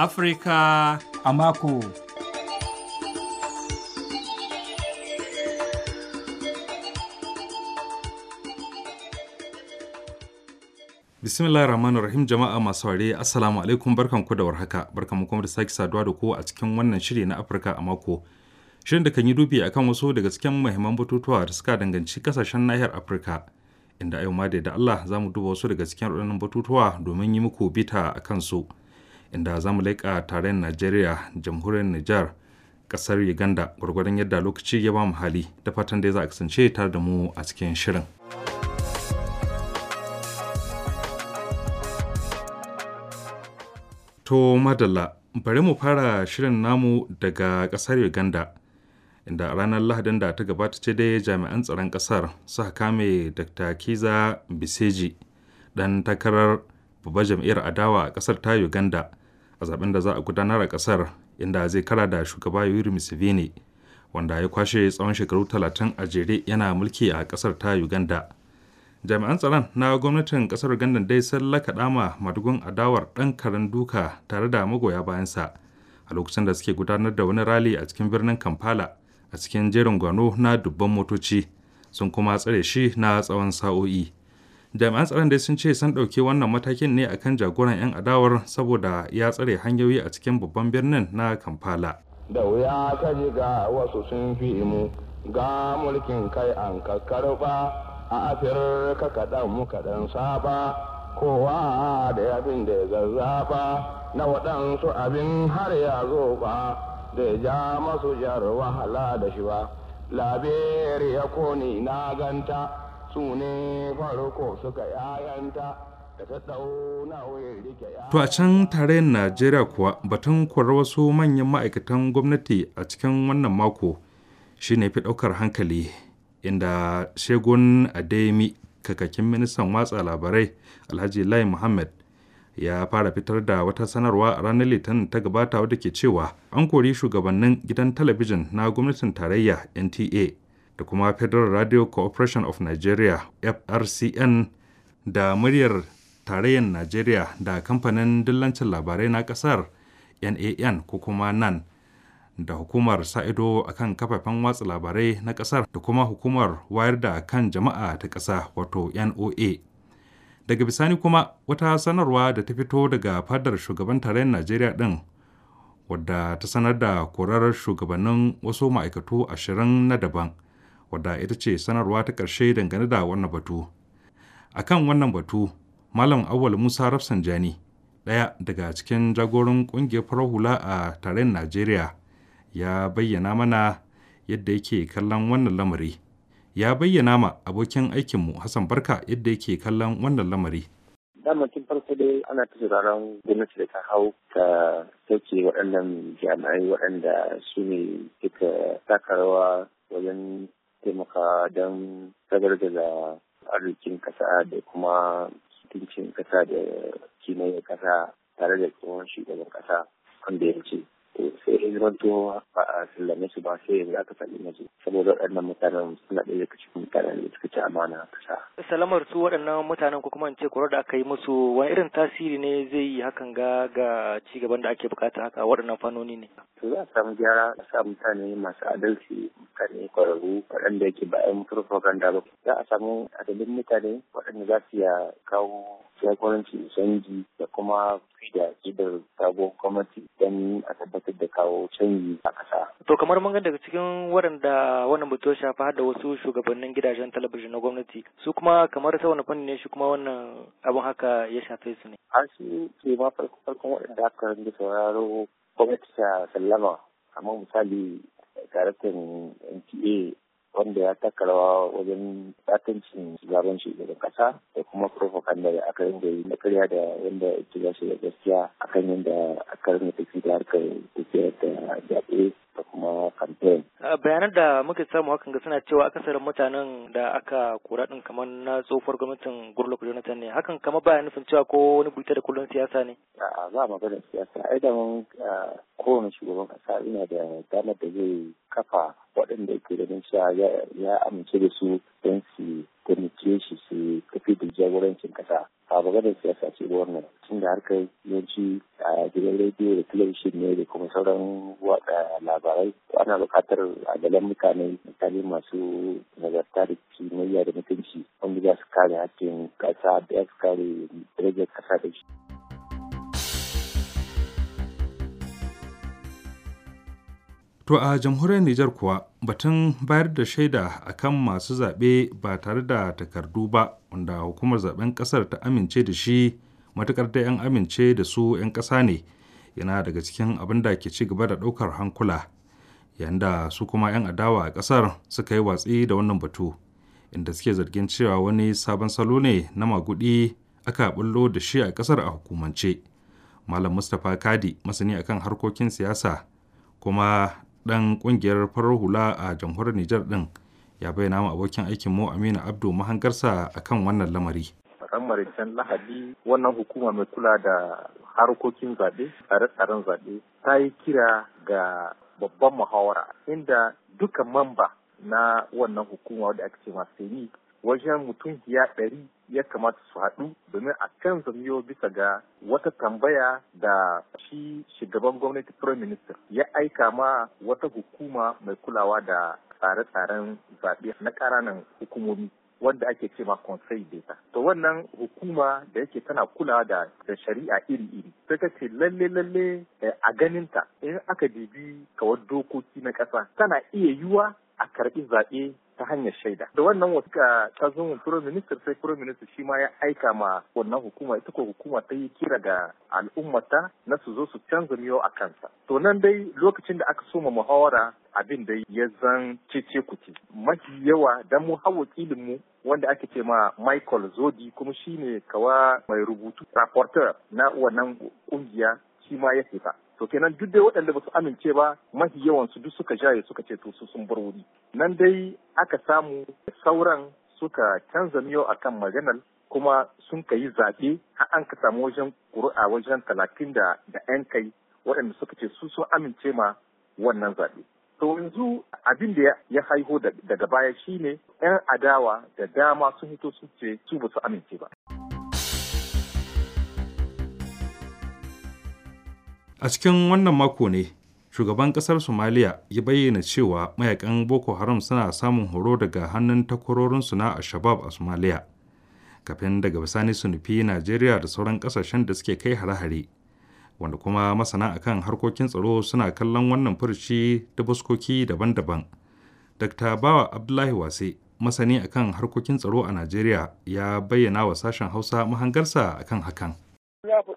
Afirka a mako. Bismillahirrahmanirrahim Rahim jama'a masu ware Assalamu alaikum barkanku da warhaka barkanku kuma da sake saduwa da ku a cikin wannan shiri na Afirka a mako. Shirin da kan yi dubi akan wasu daga cikin muhimman batutuwa da suka danganci kasashen nahiyar Afirka. Inda a yau ma da Allah za mu duba wasu daga cikin waɗannan batutuwa domin yi muku bita a kansu. su. inda za mu laika tarayyar najeriya jamhuriyar nijar ƙasar uganda gwargwadon yadda lokaci ya ba mu hali ta fatan dai za a kasance tare da mu a cikin shirin. To madalla bari mu fara shirin namu daga kasar Uganda, inda ranar Lahadin da ta gabata ce dai jami'an tsaron ƙasar suka kame Dr. Kiza Biseji, ɗan takarar babbar jam'iyyar adawa a ƙasar ta Uganda, a zaben da za a gudanar a kasar inda zai kara da shugaba yuri museveni wanda ya kwashe tsawon shekaru talatin a jere yana mulki a kasar ta uganda jami'an tsaron na gwamnatin kasar uganda dai sun lakaɗa ma madugun adawar ɗan karen duka tare da magoya bayansa a lokacin da suke gudanar da wani rali a cikin birnin kampala a cikin jerin gwano na dubban motoci sun kuma tsare shi na tsawon sa'o'i jami'an tsaron dai sun ce sun ɗauki wannan matakin ne akan jagoran 'yan adawar saboda ya tsare hanyoyi a cikin babban birnin na kampala da wuya ka ji ga wasu sun fi mu ga mulkin kai an kakkarba a afirka kaɗan mu kaɗan saba kowa da abin da ya na waɗansu abin har ya zo ba da ja masu jar wahala da shi ba laberiya ya koni na ganta su ne faruko suka yayanta da ta dauna wayar rike To a can tarayyar Najeriya kuwa batun kwarar wasu manyan ma'aikatan gwamnati a cikin wannan mako shine fi ɗaukar hankali inda shegun ademi kakakin ministan watsa labarai alhaji lai muhammad ya fara fitar da wata sanarwa a ranar litinin ta gabata wadda ke cewa an kori shugabannin gidan talabijin na gwamnatin tarayya nta da kuma Federal Radio Corporation of Nigeria FRCN da muryar tarayyar Najeriya da kamfanin dillancin labarai na ƙasar NAN ko kuma NAN da hukumar sa-ido a kan kafafen watsa labarai na ƙasar da kuma hukumar wayar da kan jama'a ta ƙasa wato NOA. Daga bisani kuma wata sanarwa da ta fito daga fadar shugaban tarayyar Najeriya ɗin wadda ta sanar da korar shugabannin wasu ma'aikatu ashirin na daban. wadda ita ce sanarwa ta ƙarshe dangane da wannan batu a kan wannan batu malam awal musa rafsanjani ɗaya daga cikin jagoran ƙungiyar farar hula a tarayyar najeriya ya bayyana mana yadda yake kallon wannan lamari ya bayyana ma abokin aikinmu hassan barka yadda yake kallon wannan lamari damacin farko dai ana ta sauraron gwamnati da ta hau ta sauke waɗannan jami'ai waɗanda su ne suka taka rawa wajen taimaka don da arzikin kasa da kuma tuncin kasa da kimiyyar kasa tare da tsohon shugaban kasa wanda ya ce sai in ranto ba a sallame su ba sai yanzu aka sallame su saboda waɗannan mutanen suna ɗaya daga cikin mutanen da suka ci amana kasa. salamar su waɗannan mutanen ko kuma in ce kwarar da aka yi musu wani irin tasiri ne zai yi hakan ga ga ci gaban da ake bukata haka waɗannan fannoni ne. to za a samu gyara a sa mutane masu adalci mutane kwararru waɗanda yake bayan propaganda ba za a samu adadin mutane waɗanda za su iya kawo jagoranci canji da kuma da idar sabon kwamiti don a tabbatar da kawo canji a ƙasa. To kamar mun ga daga cikin waɗanda wannan batu ya shafa har da wasu shugabannin gidajen talabijin na gwamnati su kuma kamar ta wani fanni ne shi kuma wannan abin haka ya shafe su ne. An su ke ma farkon waɗanda aka rinda sauraro gwamnati ta sallama kamar misali daraktan NTA wanda ya takarawa wajen tsakancin zaben shugaban kasa da kuma propaganda da aka rinda yi na karya da wanda ita za su da gaskiya akan yadda aka rinda tafi da harkar tafiyar da zaɓe da kuma campaign. bayanan da muka samu hakan ga suna cewa akasarin mutanen da aka kura din kamar na tsofar gwamnatin gurlok Jonathan ne hakan kamar baya nufin cewa ko wani bita da kullum siyasa ne. a'a ba magana siyasa ai da mun ah, kowane shugaban kasa ina da damar da zai kafa waɗanda ke da sha ya amince da su don su taimake shi su tafi da jagorancin ƙasa a bagadar siyasa ce da wannan tun da harkar yawanci a gidan rediyo da talabishin ne da kuma sauran watsa labarai ana buƙatar adalan mutane mutane masu nagarta da kimiyya da mutunci wanda za su kare hakkin ƙasa da ya su kare rage ƙasa da shi. To a jamhuriyar Nijar kuwa batun bayar da shaida a kan masu zaɓe ba tare da takardu ba wanda hukumar zaɓen ƙasar ta amince da shi matuƙar da 'yan amince da su 'yan ƙasa ne yana daga cikin abin da ke ci gaba da ɗaukar hankula yayin da su kuma 'yan adawa a ƙasar suka yi watsi da wannan batu inda suke zargin cewa wani sabon salo ne na magudi aka bullo da shi a ƙasar a hukumance. Malam Mustapha Kadi masani akan harkokin siyasa kuma ɗan ƙungiyar farar hula a jamhuriyar Nijar ɗin ya bayyana mu abokin aikin mu Aminu Abdu mahangarsa akan wannan lamari. Al'amarin can Lahadi wannan hukuma mai kula da harkokin zaɓe, tsare-tsaren zaɓe ta yi kira ga babban muhawara inda duka mamba na wannan hukuma wadda ake ce masu wajen mutum ya ɗari ya kamata su haɗu domin a kan zamiyo bisa ga wata tambaya da shi shugaban gwamnati prime minister ya aika ma wata hukuma mai kulawa da tsare-tsaren zaɓe na ƙananan hukumomi wanda ake ce ma conseil d'etat to wannan hukuma da yake tana kula da da shari'a iri-iri sai ta ce lalle lalle eh, a ganinta in aka dibi kawar dokoki na ƙasa tana iya yiwa a karɓi zaɓe ta hanyar shaida da wannan wasiƙa ta zo prime minista sai prime minista shi ma ya aika ma wannan hukuma ita ko hukuma ta yi kira ga al'ummata na su zo su canza miyo a kansa to nan dai lokacin da aka soma muhawara abin da ya zan cece kuce mafi yawa dan mu hawa mu wanda ake ce ma Michael Zodi kuma shi ne kawa mai rubutu rapporteur na wannan kungiya shi ma ya fita to kenan duk dai waɗanda ba su amince ba mafi yawan su duk suka jaye suka ce to su sun bar wuri nan dai aka samu sauran suka canza miyo kan maganar kuma sun ka yi zaɓe har an ka samu wajen ƙuri'a wajen talatin da da 'yan kai waɗanda suka ce su sun amince ma wannan zaɓe. To yanzu abin da ya haihu daga baya shine 'yan adawa da dama sun hito sun ce su ba su amince ba. A cikin wannan mako ne, shugaban ƙasar Somaliya ya bayyana cewa mayakan Boko Haram suna samun horo daga hannun takwarorinsu na a shabab a Somaliya. Kafin daga bisani su nufi Najeriya da sauran ƙasashen da suke kai hare-hare. Wanda kuma masana akan harkokin tsaro suna kallon wannan furci da buskoki daban-daban. Dr. Bawa Abdullahi Wase, masani akan harkokin tsaro a Najeriya, ya bayyana wa sashen Hausa mahangarsa akan hakan.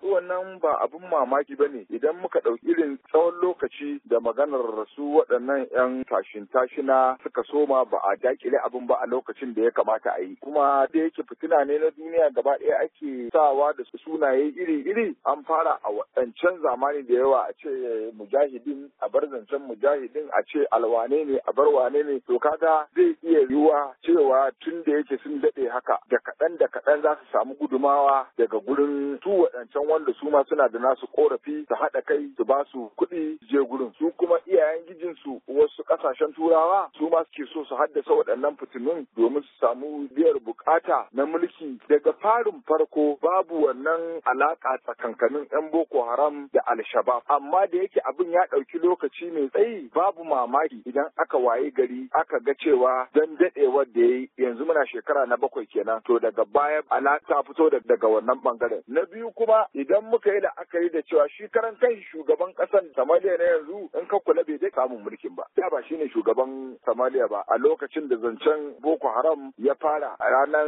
faɗi wannan ba abin mamaki ba ne idan muka ɗauki irin tsawon lokaci da maganar rasu waɗannan 'yan tashin tashina suka soma ba a dakile abin ba a lokacin da ya kamata a yi kuma da yake fitina ne na duniya gaba ɗaya ake sawa da sunaye iri-iri an fara a waɗancan zamani da yawa a ce mujahidin a bar zancen mujahidin a ce alwane ne a bar wane ne to kaga zai iya yiwuwa cewa tun da yake sun daɗe haka da kaɗan da kaɗan za su samu gudumawa daga gurin su waɗancan wanda su ma suna da nasu korafi su haɗa kai su ba su kuɗi je gurin su kuma iyayen gijinsu wasu ƙasashen turawa su ma suke so su haddasa waɗannan fitinun domin su samu biyar bukata na mulki daga farin farko babu wannan alaƙa tsakankanin 'yan boko haram da alshabab amma da yake abin ya ɗauki lokaci mai tsayi babu mamaki idan aka waye gari aka ga cewa don daɗewar da ya yi yanzu muna shekara na bakwai kenan to daga baya alaƙa fito daga wannan ɓangaren na biyu kuma idan muka yi la'akari da cewa shi karan kan shugaban kasan Somalia na yanzu in ka kula bai dai samun mulkin ba da ba shi ne shugaban Somalia ba a lokacin da zancen Boko Haram ya fara a ranar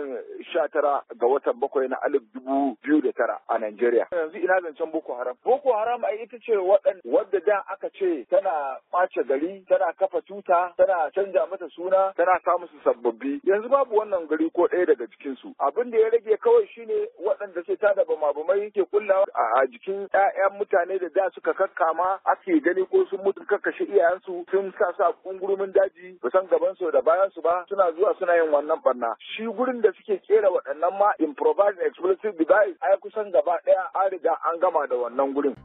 tara ga watan bakwai na alif dubu biyu da tara a Najeriya yanzu ina zancen Boko Haram Boko Haram a ita ce waɗanda wadda da aka ce tana ɓace gari tana kafa tuta tana canja mata suna tana sa musu sababbi yanzu babu wannan gari ko ɗaya daga cikinsu abin da ya rage kawai shine waɗanda ke tada bama-bamai ke kula kullawa a jikin 'ya'yan mutane da da suka kakkama ake gani ko sun mutu kakkashe iyayensu sun sa sa kungurumin daji ba san gaban su da bayan su ba suna zuwa suna yin wannan barna shi gurin da suke kera waɗannan ma improvised explosive device ai kusan gaba ɗaya an riga an gama da wannan gurin.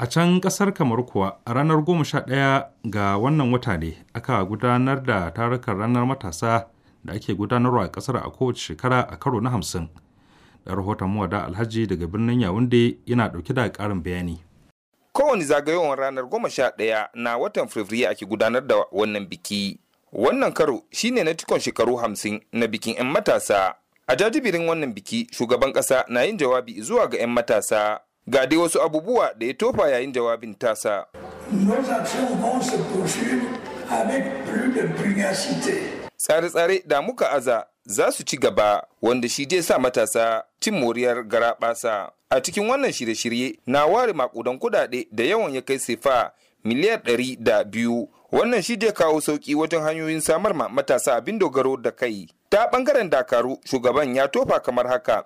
A can ƙasar kamar kuwa a ranar ɗaya ga wannan wata ne aka gudanar da tarukan ranar matasa da ake gudanarwa a kasar a kowace shekara a karo na hamsin da rahoton muwada alhaji daga birnin yawunde yana dauke da karin bayani kowane zagayowar ranar goma sha daya na watan fabrairu ake gudanar da wannan biki wannan karo shine na cikon shekaru hamsin na bikin 'yan matasa a jajibirin wannan biki shugaban kasa na yin jawabi zuwa ga 'yan matasa ga dai wasu abubuwa da ya tofa yayin jawabin tasa avec plus de tsare-tsare da muka aza za su ci gaba wanda shi zai sa matasa cin moriyar garaɓasa. A cikin wannan shirye-shirye na ware makudan kudade da yawan ya kai sefa miliyar ɗari da biyu. Wannan shi zai kawo sauki wajen hanyoyin samar ma matasa abin dogaro da kai. Ta ɓangaren Dakaru shugaban ya tofa kamar haka.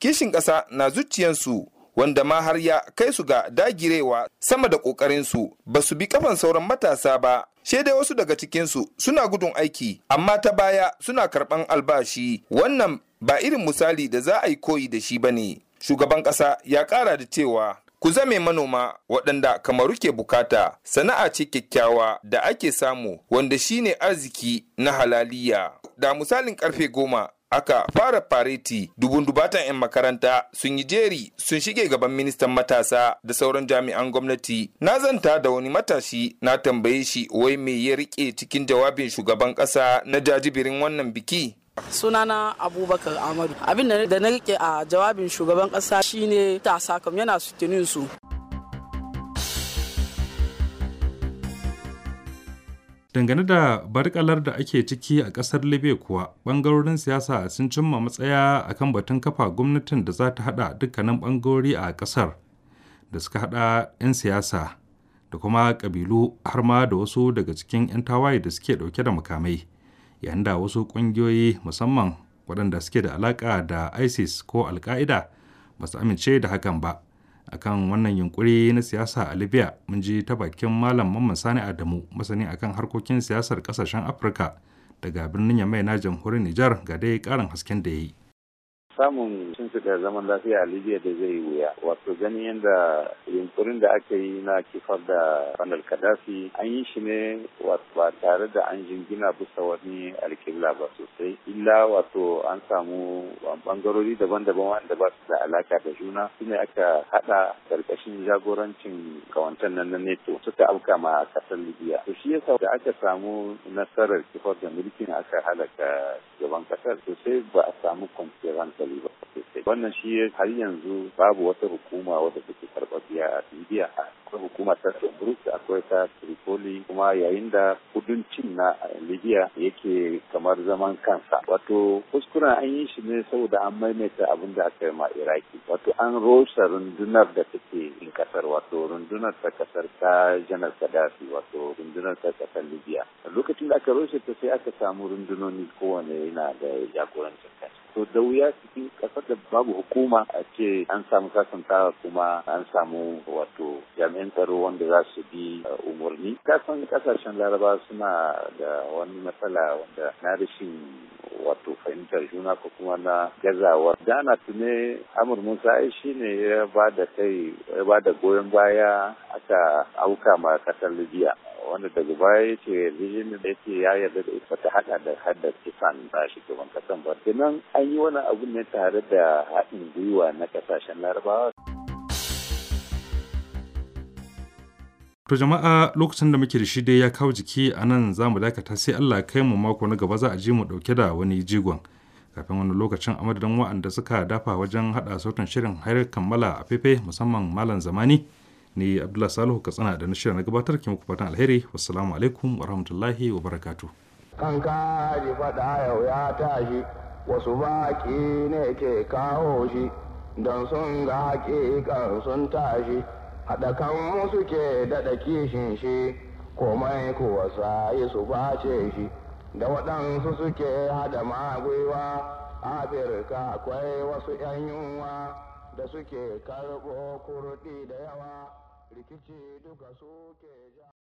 Kishin ƙasa na zuciyansu wanda ma har ya kai su ga dagirewa sama da ƙoƙarinsu ba su bi kafan sauran matasa ba sai dai wasu daga cikinsu suna gudun aiki amma ta baya suna karɓan albashi wannan ba irin misali da za a yi koyi da shi ba ne shugaban ƙasa ya ƙara da cewa ku zame manoma waɗanda kamaru ke bukata sana'a ce kyakkyawa da ake samu wanda shine arziki na halaliya da misalin karfe goma aka fara fareti dubun dubatan 'yan makaranta sun yi jeri sun shige gaban ministan matasa da sauran jami'an gwamnati na zanta da wani matashi na tambaye shi wai me ya rike cikin jawabin shugaban kasa na jajibirin wannan biki sunana abubakar amadu abin da na rike a jawabin shugaban kasa shine ta sakam yana su Dangane da barkalar da ake ciki a kasar Libya kuwa, bangarorin siyasa sun cimma matsaya a kan batun kafa gwamnatin da za ta hada dukkanin bangarori a kasar da suka hada 'yan siyasa da kuma kabilu har ma da wasu daga cikin 'yan tawaye da suke dauke da makamai, yayin da wasu ƙungiyoyi musamman waɗanda suke da alaƙa da ISIS ko alƙa'ida ba su amince da hakan ba. a kan wannan yunkuri na siyasa a libya mun ji ta bakin malam mamman sani adamu masani akan harkokin siyasar kasashen afirka daga birnin yamai na jamhuriyar nijar ga dai karin hasken da ya yi samun cinsu da zaman lafiya a libya da zai wuya wata. ganin yadda yunkurin da aka yi na kifar da Fanal Kadafi an yi shi ne ba tare da an jingina bisa wani alkibla ba sosai illa wato an samu bangarori daban-daban wanda ba su da alaka da juna su ne aka hada karkashin jagorancin kawantan nan na neto suka auka ma kasar libya to shi yasa da aka samu nasarar kifar da mulkin aka halaka gaban kasar sosai ba a samu kwanciyar hankali ba wannan shi har yanzu babu wata hukuma wadda take biya a indiya akwai hukuma ta tobruk akwai ta tripoli kuma yayin da kuduncin na libya yake kamar zaman kansa wato kuskuren an yi shi ne saboda an maimaita abin da aka yi ma iraki wato an rusa rundunar da take in kasar wato rundunar ta kasar ta janar kadafi wato rundunar ta kasar libya lokacin da aka rosa ta sai aka samu rundunoni kowane yana da jagorancin kansa to da wuya cikin kasar da babu hukuma a ce an samu sasantawa kuma an samu wato jami'an tsaro wanda za su bi uh, umarni kasan kasashen laraba suna da wani matsala wanda na rashin wato fahimtar juna ko kuma na gazawar Gana tune amur musa shi ne ya ba da kai ya ba da goyon baya aka auka ma kasar libya wanda daga baya ya ce yarjejeniyar da ya ce ya yarda da ita ta haɗa da haddar kisan da shugaban kasan ba sannan an yi wani abu ne tare da haɗin gwiwa na ƙasashen larabawa To jama'a lokacin da muke da shi dai ya kawo jiki a nan za mu dakata sai Allah kai mu mako na gaba za a ji mu ɗauke da wani jigon. Kafin wani lokacin a madadin wa'anda suka dafa wajen haɗa sautin shirin har kammala a fefe musamman Malam Zamani. ni abdullahi salihu katsina da na shirya na gabatar ke muku fatan alheri wassalamu alaikum wa rahmatullahi wa barakatu kan ka ji faɗa yau ya tashi wasu baƙi ne ke kawo shi don sun ga haƙiƙan sun tashi haɗa kan musu ke daɗa kishin shi komai kuwa sayi su bace shi da waɗansu suke haɗa magwiwa afirka akwai wasu 'yan yunwa da suke karɓo kurɗi da yawa rikici duka suke ja